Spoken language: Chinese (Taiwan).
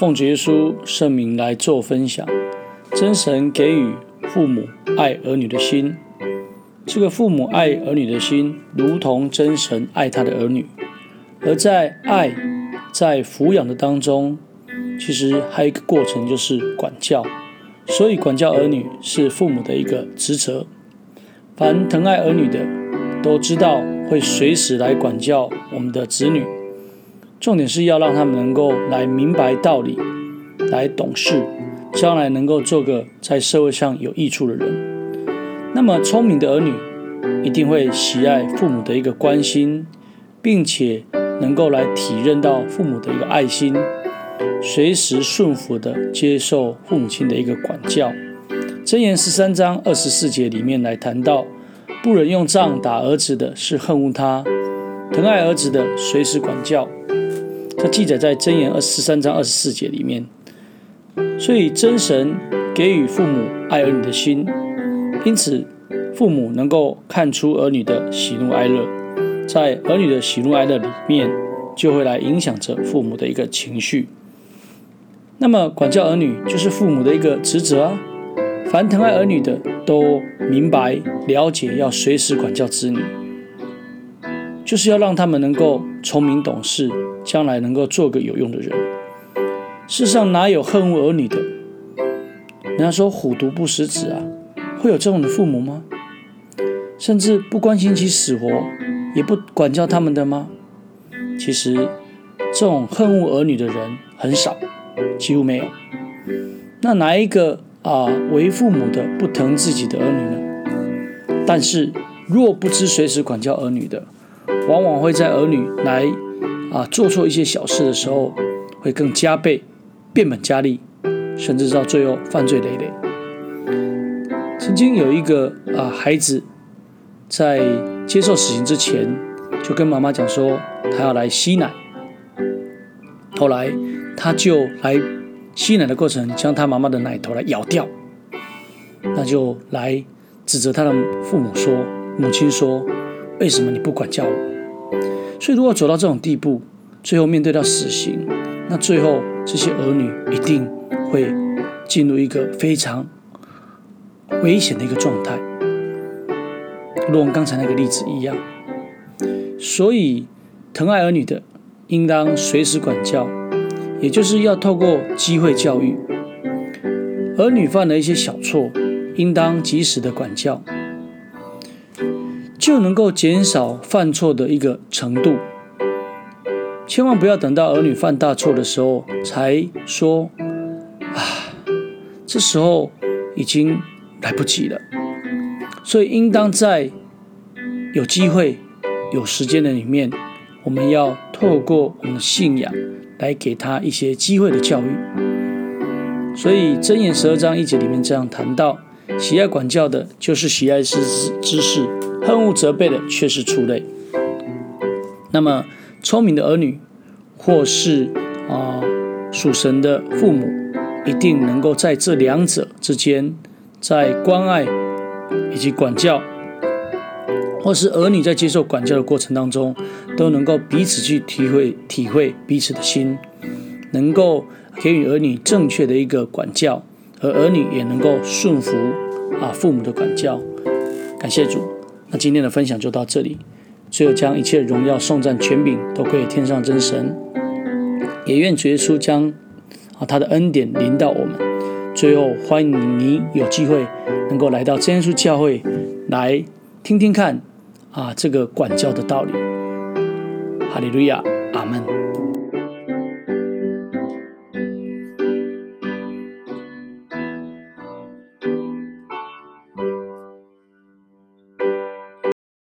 奉耶穌聖名來做分享，真神給予父母愛兒女的心，這個父母愛兒女的心，如同真神愛他的兒女。而在愛、在撫養的當中，其實還有一個過程，就是管教。所以，管教兒女是父母的一個職責。凡疼愛兒女的，都知道會隨時來管教我們的子女。重點是要讓他們能夠來明白道理，來懂事，將來能夠做個在社會上有益處的人。那麼，聰明的兒女一定會喜愛父母的一個關心，並且能夠來體認到父母的一個愛心，隨時順服地接受父母親的一個管教。箴言十三章二十四節裡面來談到：不忍用杖打兒子的是恨惡他，疼愛兒子的隨時管教。這記載在《箴言》二十三章二十四節裡面。所以，真神給予父母愛兒女的心，因此父母能夠看出兒女的喜怒哀樂，在兒女的喜怒哀樂裡面，就會來影響着父母的一個情緒。那麼，管教兒女就是父母的一個職責啊！凡疼愛兒女的，都明白了解，要隨時管教子女。就是要讓他們能夠聰明懂事，將來能夠做個有用的人。世上哪有恨惡兒女的？人家說“虎毒不食子”啊，會有這種的父母嗎？甚至不關心其死活，也不管教他們的嗎？其實，這種恨惡兒女的人很少，幾乎沒有。那哪一個啊，呃，為父母的不疼自己的兒女呢？但是，若不知隨時管教兒女的。往往會在兒女來，啊，做錯一些小事的時候，會更加倍、變本加厲，甚至到最後犯罪累累。曾經有一個啊孩子，在接受死刑之前，就跟媽媽講說，他要來吸奶。後來他就來吸奶的過程，將他媽媽的奶頭來咬掉，那就來指責他的父母說，母親說，為什麼你不管教我？所以，如果走到這種地步，最後面對到死刑，那最後這些兒女一定會進入一個非常危險的一個狀態，如我們剛才那個例子一樣。所以，疼愛兒女的，應當隨時管教，也就是要透過機會教育，兒女犯了一些小錯，應當及時的管教。就能夠減少犯錯的一個程度，千萬不要等到兒女犯大錯的時候才說啊，這時候已經來不及了。所以，應當在有機會、有時間的裡面，我們要透過我們的信仰來給他一些機會的教育。所以，《箴言》十二章一節裡面這樣談到：喜愛管教的，就是喜愛知知知識。恨惡責備的卻是畜類。那麼，聰明的兒女，或是啊、呃、屬神的父母，一定能夠在這兩者之間，在關愛以及管教，或是兒女在接受管教的過程當中，都能夠彼此去體會體會彼此的心，能夠給予兒女正確的一個管教，而兒女也能夠順服啊、呃、父母的管教。感謝主。那今天的分享就到這裡。最後將一切榮耀頌讚權柄都歸天上真神，也願主耶穌將啊他的恩典臨到我們。最後歡迎你有機會能夠來到真耶穌教會來聽聽看啊這個管教的道理。哈利路亞，阿門。